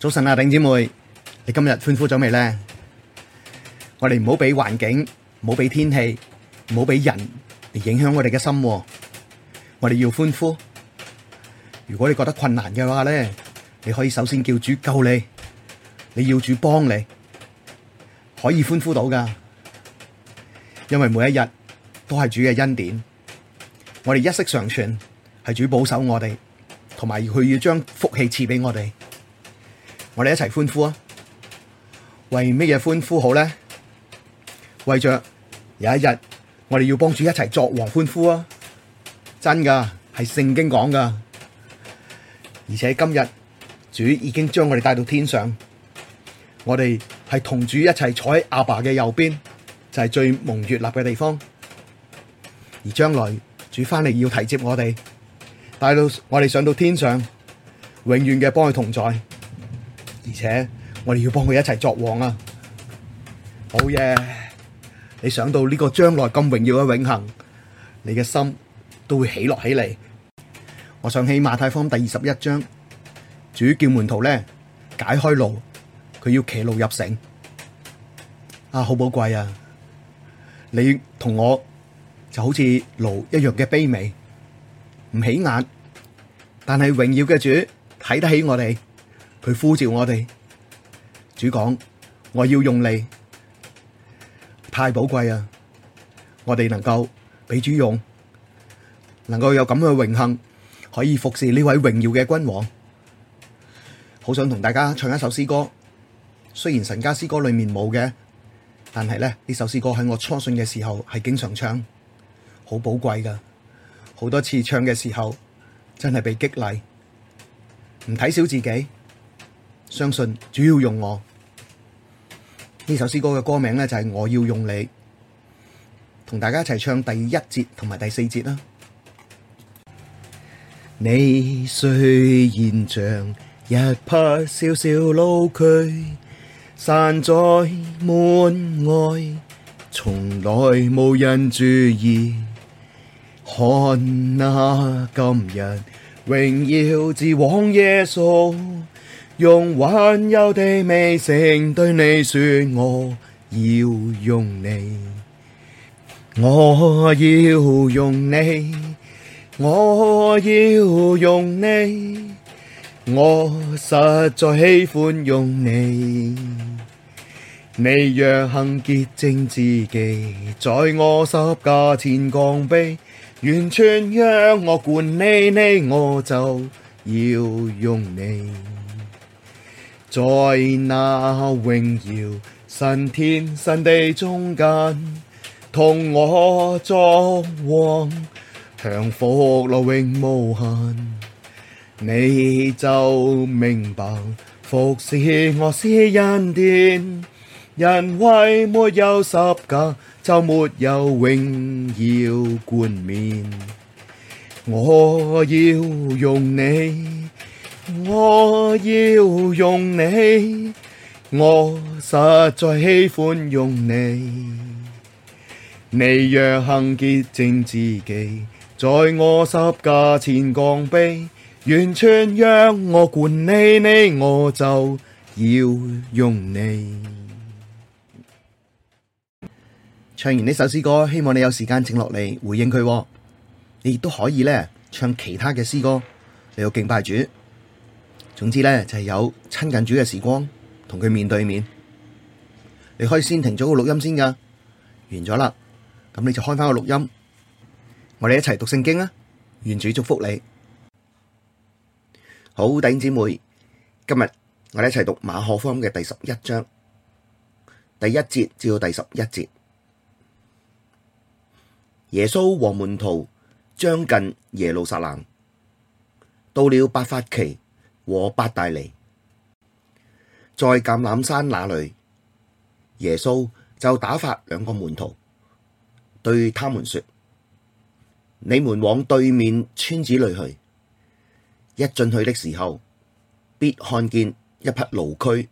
早晨啊，頂姐妹，你今日歡呼咗未呢？我哋唔好俾環境，唔好俾天氣，唔好俾人嚟影響我哋嘅心。我哋要歡呼。如果你覺得困難嘅話呢，你可以首先叫主救你，你要主幫你，可以歡呼到噶。因為每一日都係主嘅恩典，我哋一息尚存，係主保守我哋，同埋佢要將福氣賜俾我哋。我哋一齊歡呼啊！為乜嘢歡呼好咧？為着有一日我哋要幫主一齊作王歡呼啊！真噶係聖經講噶，而且今日主已經將我哋帶到天上，我哋係同主一齊坐喺阿爸嘅右邊，就係最蒙悅納嘅地方。而將來主翻嚟要迎接我哋，帶到我哋上到天上，永遠嘅幫佢同在。而且我哋要幫佢一齊作王啊！好嘢！你想到呢個將來咁榮耀嘅永恆，你嘅心都會喜樂起嚟。我想起馬太福音第二十一章，主叫門徒咧解開驢，佢要騎驢入城。啊，好寶貴啊！你同我就好似驢一樣嘅卑微，唔起眼，但係榮耀嘅主睇得起我哋。佢呼召我哋，主講，我要用你，太寶貴啊！我哋能夠俾主用，能夠有咁嘅榮幸，可以服侍呢位榮耀嘅君王，好想同大家唱一首詩歌。雖然神家詩歌裏面冇嘅，但係咧呢首詩歌喺我初信嘅時候係經常唱，好寶貴噶，好多次唱嘅時候真係被激勵，唔睇小自己。相信主要用我。呢首詩歌嘅歌名咧，就係我要用你，同大家一齊唱第一節同埋第四節啦。你雖然像一匹小小驢駒，拴在門外，從來無人注意。看哪今日榮耀之王耶穌，用溫柔的微聲對你說，我要用你，我要用你，我要用你，我實在喜歡用你。你若肯潔淨自己，在我十架前降卑，完全讓我管理你，你我就要用你。在那榮耀新天新地中間，同我作王，享福樂永無限。你就明白服事我是恩典，因為沒有十架，就沒有榮耀冠冕。我要用你。我要用你，我實在喜歡用你。你若肯潔淨自己，在我十架前降卑，完全讓我管理你，你我就要用你。唱完呢首詩歌，希望你有時間靜落嚟回應佢喎。你亦都可以咧唱其他嘅詩歌嚟到敬拜主。總之咧，就係有親近主嘅時光，同佢面對面。你可以先停咗個錄音先噶，完咗啦，咁你就開翻個錄音，我哋一齊讀聖經啊！願主祝福你。好，弟兄姊妹，今日我哋一齊讀馬可福音嘅第十一章第一節至到第十一節。耶穌和門徒將近耶路撒冷，到了伯法其。和伯大尼，在橄欖山那裏，耶穌就打發兩個門徒，對他們說：你們往對面村子裏去，一進去的時候，必看見一匹驢駒，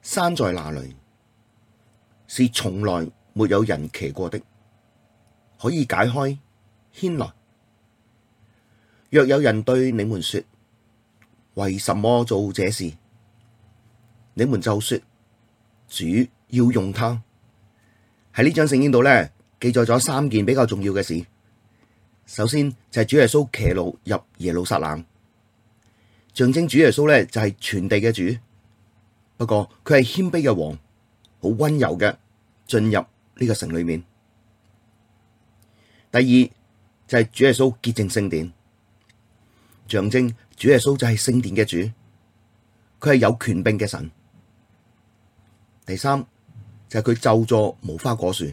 拴在那裏，是從來沒有人騎過的，可以解開牽來。若有人對你們說，為什麼做這事？你們就說，主要用他」喺呢章聖經度咧，記載咗三件比較重要嘅事。首先就係、是、主耶穌騎驢入耶路撒冷，象徵主耶穌咧就係全地嘅主。不過佢係謙卑嘅王，好溫柔嘅進入呢個城裡面。第二就係、是、主耶穌潔淨聖殿，象徵。主耶穌就係聖殿嘅主，佢係有權柄嘅神。第三就係、是、佢就咒詛無花果樹，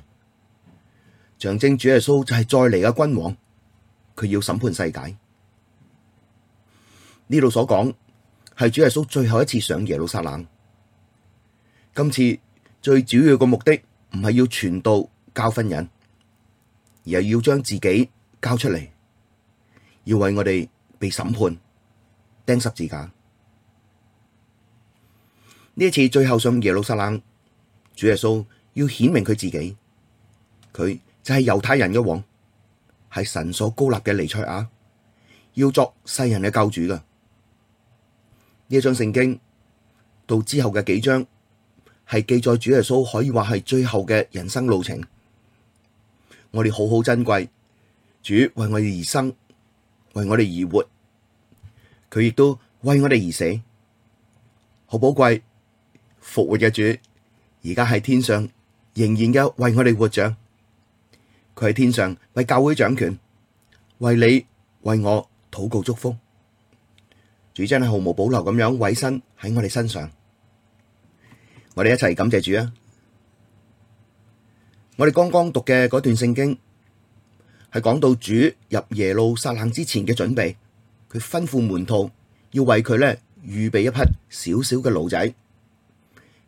象徵主耶穌就係再嚟嘅君王，佢要審判世界。呢度所講係主耶穌最後一次上耶路撒冷，今次最主要嘅目的唔係要傳道教訓人，而係要將自己交出嚟，要為我哋被審判。釘十字架呢一次最後上耶路撒冷，主耶穌要顯明佢自己，佢就係猶太人嘅王，係神所高立嘅彌賽亞，要作世人嘅救主噶。呢章聖經到之後嘅幾章係記載主耶穌可以話係最後嘅人生路程，我哋好好珍貴，主為我哋而生，為我哋而活。佢亦都為我哋而死，好寶貴復活嘅主，而家喺天上仍然嘅為我哋活著，佢喺天上為教會掌權，為你為我禱告祝福，主真係毫無保留咁樣委身喺我哋身上，我哋一齊感謝主啊！我哋剛剛讀嘅嗰段聖經係講到主入耶路撒冷之前嘅準備。佢吩咐門徒要為佢咧預備一匹小小嘅驢仔，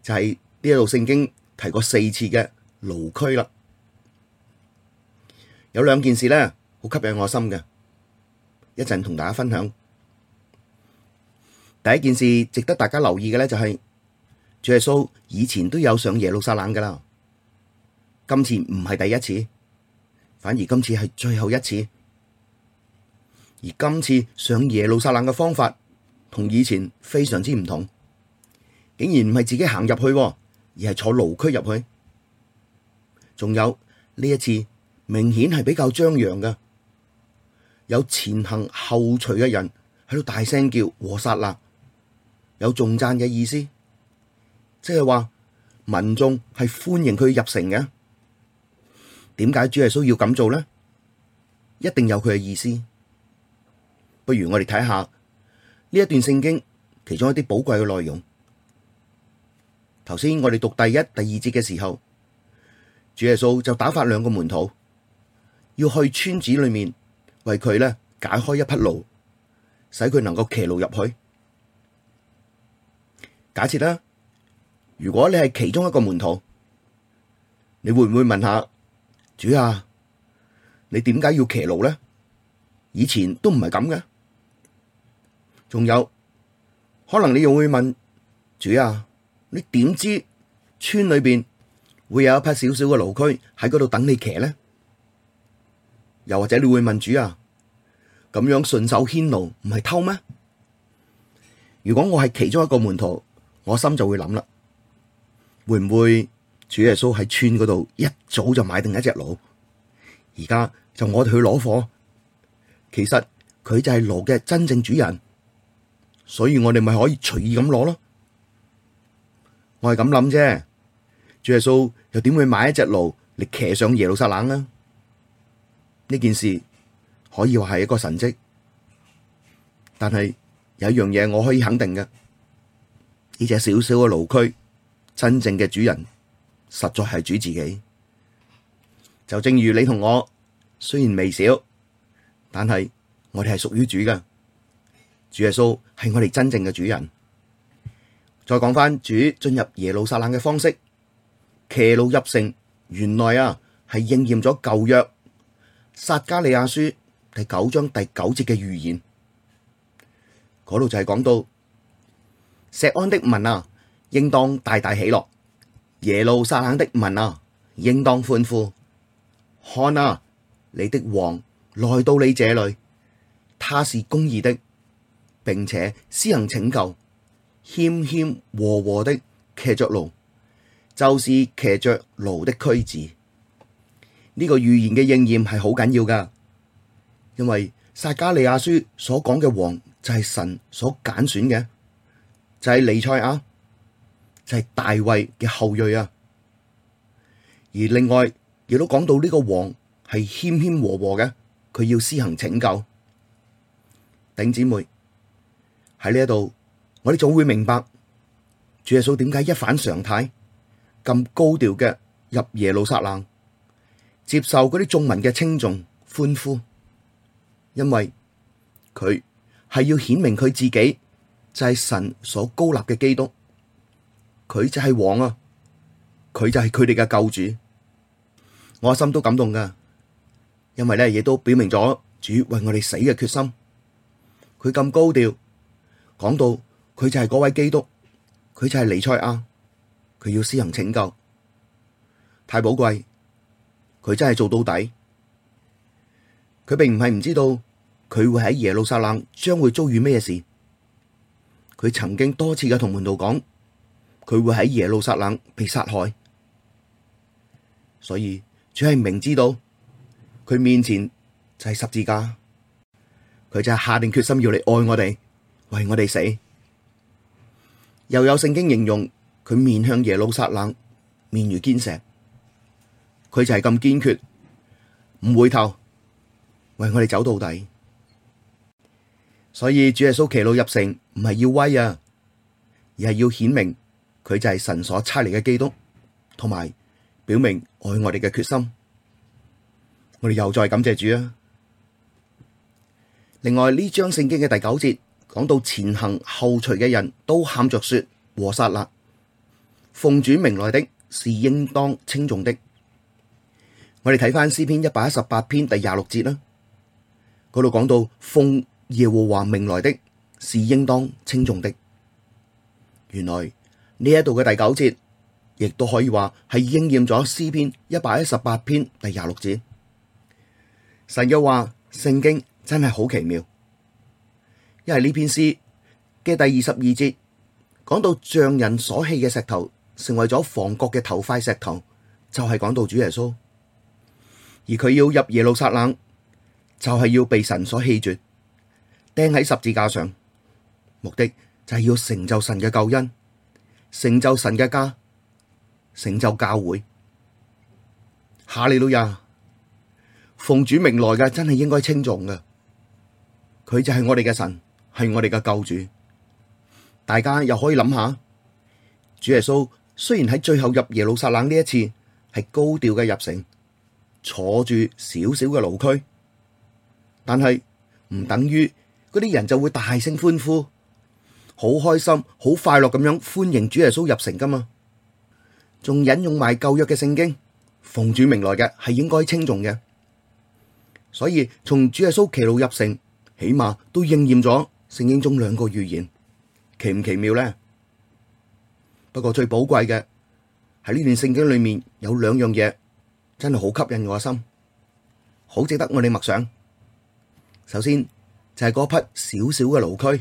就係呢度聖經提過四次嘅驢駒啦。有兩件事咧，好吸引我心嘅，一陣同大家分享。第一件事值得大家留意嘅咧，就是，就係主耶穌以前都有上耶路撒冷噶啦，今次唔係第一次，反而今次係最後一次。而今次上耶路撒冷嘅方法同以前非常之唔同，竟然唔係自己行入去，而係坐驢駒入去。仲有呢一次，明顯係比較張揚嘅，有前行後隨嘅人喺度大聲叫和散那，有頌讚嘅意思，即係話民眾係歡迎佢入城嘅。點解主耶穌要咁做呢？一定有佢嘅意思。不如我哋睇下呢一段聖經其中一啲寶貴嘅內容。頭先我哋讀第一、第二節嘅時候，主耶穌就打發兩個門徒要去村子裡面為佢咧解開一匹驢，使佢能夠騎驢入去。假設啦，如果你係其中一個門徒，你會唔會問下主啊？你點解要騎驢咧？以前都唔係咁嘅。仲有可能你又會問，主啊，你點知村裏邊會有一匹小小嘅驢駒喺嗰度等你騎呢？又或者你會問，主啊，咁樣順手牽驢唔係偷咩？如果我係其中一個門徒，我心就會諗啦，會唔會主耶穌喺村嗰度一早就買定一隻驢，而家就我哋去攞貨？其實佢就係驢嘅真正主人。所以我哋咪可以隨意咁攞咯，我係咁諗啫。主耶穌又點會買一隻驢嚟騎上耶路撒冷呢？呢件事可以話係一個神蹟，但係有一樣嘢我可以肯定嘅，呢隻少少嘅驢駒真正嘅主人實在係主自己。就正如你同我，雖然微小，但係我哋係屬於主嘅。主耶穌係我哋真正嘅主人。再講返主進入耶路撒冷嘅方式，騎驢入城，原來啊係應驗咗舊約撒迦利亞書第九章第九節嘅預言。嗰度就係講到錫安的民啊，應當大大喜樂；耶路撒冷的民啊，應當歡呼。看啊，你的王來到你這裏，他是公義的。並且施行拯救，謙謙和和的騎着驢，就是騎着驢的駒子。呢、這個預言嘅應驗係好緊要噶，因為撒迦利亞書所講嘅王就係神所揀選嘅，就係彌賽亞，就係、是、大衛嘅後裔啊。而另外亦都講到呢個王係謙謙和和嘅，佢要施行拯救。頂姐妹。喺呢一度，我哋早會明白主耶穌點解一反常態咁高調嘅入耶路撒冷接受嗰啲眾民嘅稱頌歡呼，因為佢係要顯明佢自己就係、是、神所高立嘅基督，佢就係王啊，佢就係佢哋嘅救主，我心都感動噶，因為咧亦都表明咗主為我哋死嘅決心，佢咁高調。講到佢就係嗰位基督，佢就係彌賽亞，佢要施行拯救，太寶貴，佢真係做到底，佢並唔係唔知道佢會喺耶路撒冷將會遭遇咩事，佢曾經多次嘅同門徒講，佢會喺耶路撒冷被殺害，所以佢係明知道佢面前就係十字架，佢就係下定決心要嚟愛我哋。為我哋死，又有聖經形容佢面向耶路撒冷，面如堅石，佢就係咁堅決，唔回頭，為我哋走到底。所以主耶穌騎驢入城，唔係要威啊，而係要顯明佢就係神所差嚟嘅基督，同埋表明愛我哋嘅決心。我哋又再感謝主啊！另外呢章聖經嘅第九節。講到前行後隨嘅人都喊着說，和散那，奉主名來的是應當稱頌的。我哋睇翻詩篇一百一十八篇第廿六節啦，嗰度講到奉耶和華名來的是應當稱頌的。原來呢一度嘅第九節亦都可以話係應驗咗詩篇一百一十八篇第廿六節。神又話，聖經真係好奇妙。係呢篇詩嘅第二十二節，講到匠人所棄嘅石頭成為咗房角嘅頭塊石頭，就係講到主耶穌。而佢要入耶路撒冷，就係要被神所棄絕，釘喺十字架上。目的就係要成就神嘅救恩，成就神嘅家，成就教會。哈利路亞！奉主名來嘅，真係應該稱頌嘅。佢就係我哋嘅神。係我哋嘅救主，大家又可以諗下，主耶穌雖然喺最後入耶路撒冷呢一次係高調嘅入城，坐住少少嘅驢駒，但係唔等於嗰啲人就會大聲歡呼，好開心、好快樂咁樣歡迎主耶穌入城噶嘛，仲引用埋舊約嘅聖經，奉主名來嘅係應該稱頌嘅，所以從主耶穌騎驢入城，起碼都應驗咗聖經中兩個預言，奇唔奇妙呢？不過最寶貴嘅，喺呢段聖經裏面有兩樣嘢，真係好吸引我嘅心，好值得我哋默想。首先就係嗰匹小小嘅驢駒，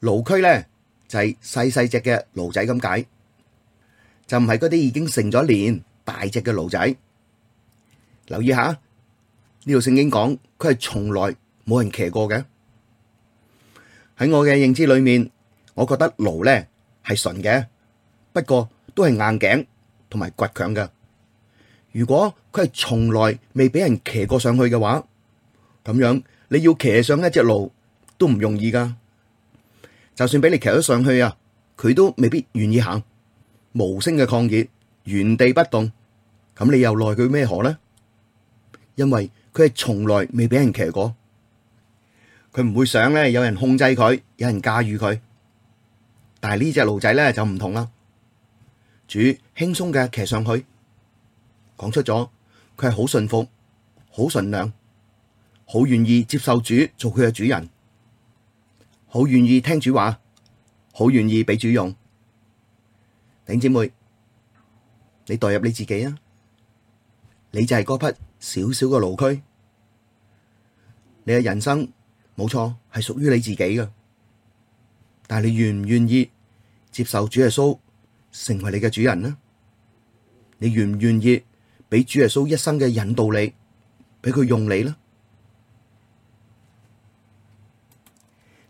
驢駒咧就係細細隻嘅驢仔咁解，就唔係嗰啲已經成咗年大隻嘅驢仔。留意下呢條聖經講，佢係從來冇人騎過嘅。喺我嘅認知裏面，我覺得驢咧係純嘅，不過都係硬頸同埋倔強嘅。如果佢係從來未俾人騎過上去嘅話，咁樣你要騎上一隻驢都唔容易噶。就算俾你騎咗上去啊，佢都未必願意行。無聲嘅抗議，原地不動，咁你又奈佢咩何呢？因為佢係從來未俾人騎過。佢唔會想咧，有人控制佢，有人駕馭佢。但係呢隻驢仔咧就唔同啦。主輕鬆嘅騎上去，講出咗佢係好順服、好順良、好願意接受主做佢嘅主人，好願意聽主話，好願意俾主用。頂姐妹，你代入你自己啊，你就係嗰匹小小嘅驢駒，你嘅人生。冇錯，係屬於你自己㗎。但係你願唔願意接受主耶穌成為你嘅主人呢？你願唔願意俾主耶穌一生嘅引導你，俾佢用你呢？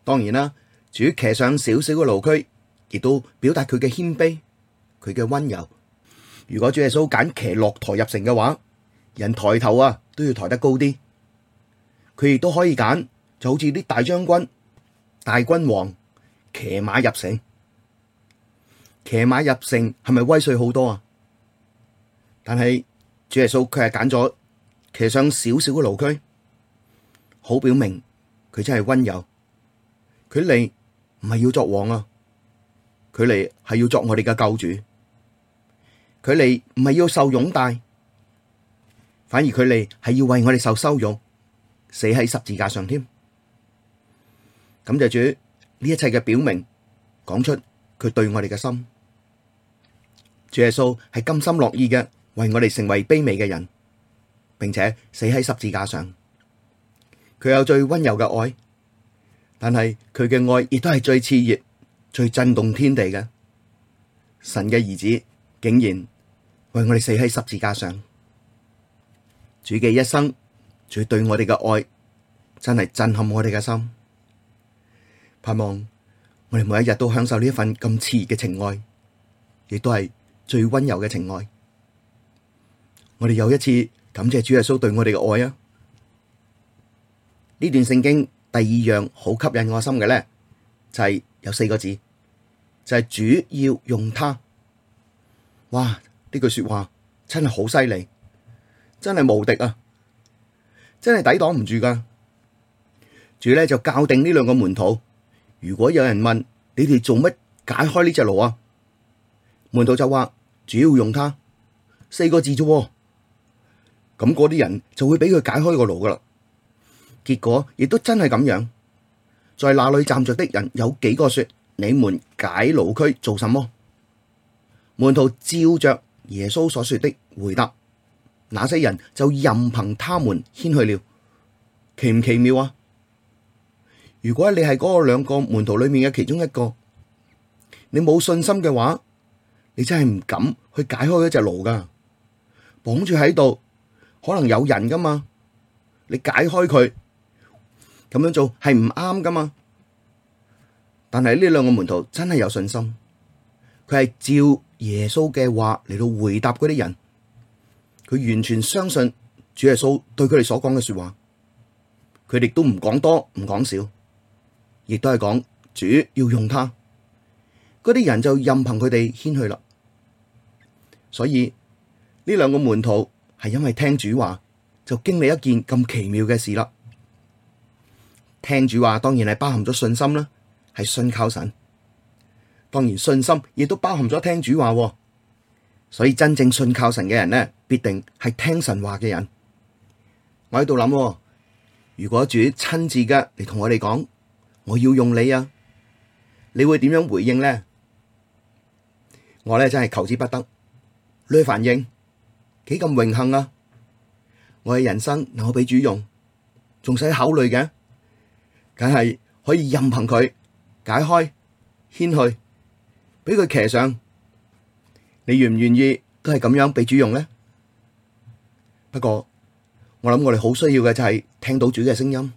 當然啦，主騎上少少嘅驢駒，亦都表達佢嘅謙卑，佢嘅溫柔。如果主耶穌揀騎駱駝入城嘅話，人抬頭啊都要抬得高啲。佢亦都可以揀。就好似啲大將軍、大君王騎馬入城，騎馬入城係咪威水好多啊？但係主耶穌佢係揀咗騎上小小嘅驢駒，好表明佢真係溫柔。佢嚟唔係要作王啊，佢嚟係要作我哋嘅救主。佢嚟唔係要受擁戴，反而佢嚟係要為我哋受羞辱，死喺十字架上添。感謝主呢一切嘅表明，講出佢對我哋嘅心，主耶穌係甘心樂意嘅，為我哋成為卑微嘅人，並且死喺十字架上。佢有最温柔嘅愛，但係佢嘅愛亦都係最熾熱、最震動天地嘅。神嘅兒子竟然為我哋死喺十字架上，主嘅一生，主對我哋嘅愛真係震撼我哋嘅心。盼望我哋每一日都享受呢一份咁熾熱嘅情愛，亦都係最溫柔嘅情愛。我哋又一次感謝主耶穌對我哋嘅愛啊！呢段聖經第二樣好吸引我心嘅咧，就係有四個字，就係主要用他。哇！呢句說話真係好犀利，真係無敵啊！真係抵擋唔住噶。主咧就教定呢兩個門徒。如果有人問你哋做乜解開呢隻驢啊？門徒就話：主要用它，四個字啫。咁嗰啲人就會俾佢解開個驢噶啦。結果亦都真係咁樣，在那裡站着的人有幾個說：你們解驢駒做什麼？門徒照着耶穌所說的回答，那些人就任憑他們牽去了。奇唔奇妙啊！如果你係嗰個兩個門徒裏面嘅其中一個，你冇信心嘅話，你真係唔敢去解開嗰隻驢噶，綁住喺度，可能有人噶嘛。你解開佢，咁樣做係唔啱噶嘛。但係呢兩個門徒真係有信心，佢係照耶穌嘅話嚟到回答嗰啲人，佢完全相信主耶穌對佢哋所講嘅說話，佢哋都唔講多唔講少。亦都係講主要用他，嗰啲人就任憑佢哋牽去啦。所以呢兩個門徒係因為聽主話，就經歷一件咁奇妙嘅事啦。聽主話當然係包含咗信心啦，係信靠神。當然信心亦都包含咗聽主話。所以真正信靠神嘅人呢，必定係聽神話嘅人。我喺度諗，如果主親自嘅嚟，同我哋講。我要用你啊！你會點樣回應呢？我呢真係求之不得。你反應幾咁榮幸啊！我嘅人生能夠俾主用，仲使考慮嘅？梗係可以任憑佢解開、牽去，俾佢騎上。你願唔願意都係咁樣俾主用呢？不過我諗我哋好需要嘅就係聽到主嘅聲音。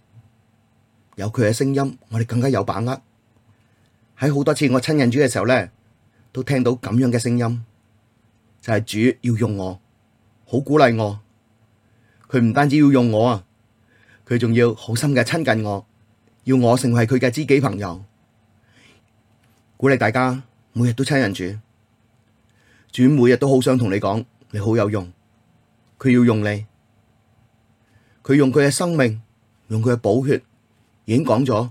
有佢嘅聲音，我哋更加有把握。喺好多次我親近主嘅時候咧，都聽到咁樣嘅聲音，就係、是、主要用我，好鼓勵我。佢唔單止要用我啊，佢仲要好心嘅親近我，要我成為佢嘅知己朋友。鼓勵大家每日都親近主，主每日都好想同你講，你好有用，佢要用你，佢用佢嘅生命，用佢嘅寶血。已經講咗，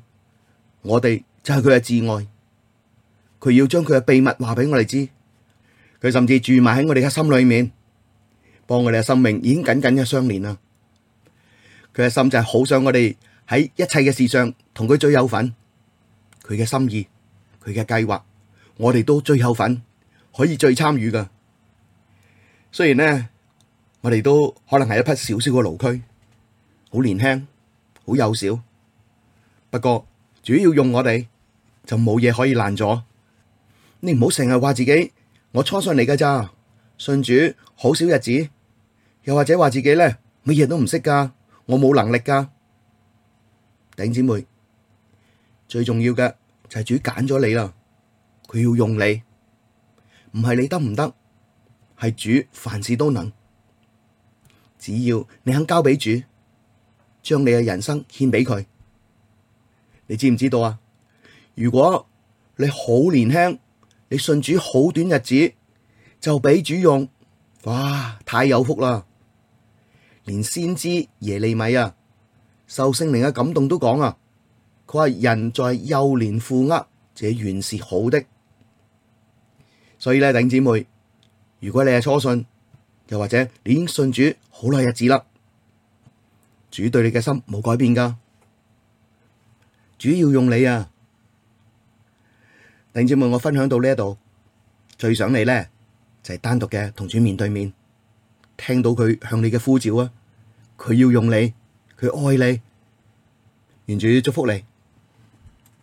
我哋就係佢嘅摯愛，佢要將佢嘅秘密話俾我哋知，佢甚至住埋喺我哋嘅心裏面，幫我哋嘅生命已經緊緊嘅相連啦。佢嘅心就係好想我哋喺一切嘅事上同佢最有份，佢嘅心意，佢嘅計劃，我哋都最有份可以最參與噶。雖然呢，我哋都可能係一匹少少嘅驢駒，好年輕，好幼小。不過主要用我哋就冇嘢可以爛咗，你唔好成日話自己我初上嚟㗎咋，信主好少日子，又或者話自己咧，乜嘢都唔識噶，我冇能力噶。頂姊妹，最重要嘅就係主揀咗你啦，佢要用你，唔係你得唔得，係主凡事都能，只要你肯交俾主，將你嘅人生獻俾佢。你知唔知道啊？如果你好年輕，你信主好短日子，就俾主用，哇！太有福啦！連先知耶利米啊，受聖靈嘅感動都講啊，佢話人在幼年負軛，這原是好的。所以咧，頂姊妹，如果你係初信，又或者你已經信主好耐日子啦，主對你嘅心冇改變噶。主要用你啊，弟兄們，我分享到呢度，最想你咧就係、是、單獨嘅同主面對面，聽到佢向你嘅呼召啊，佢要用你，佢愛你，願主祝福你。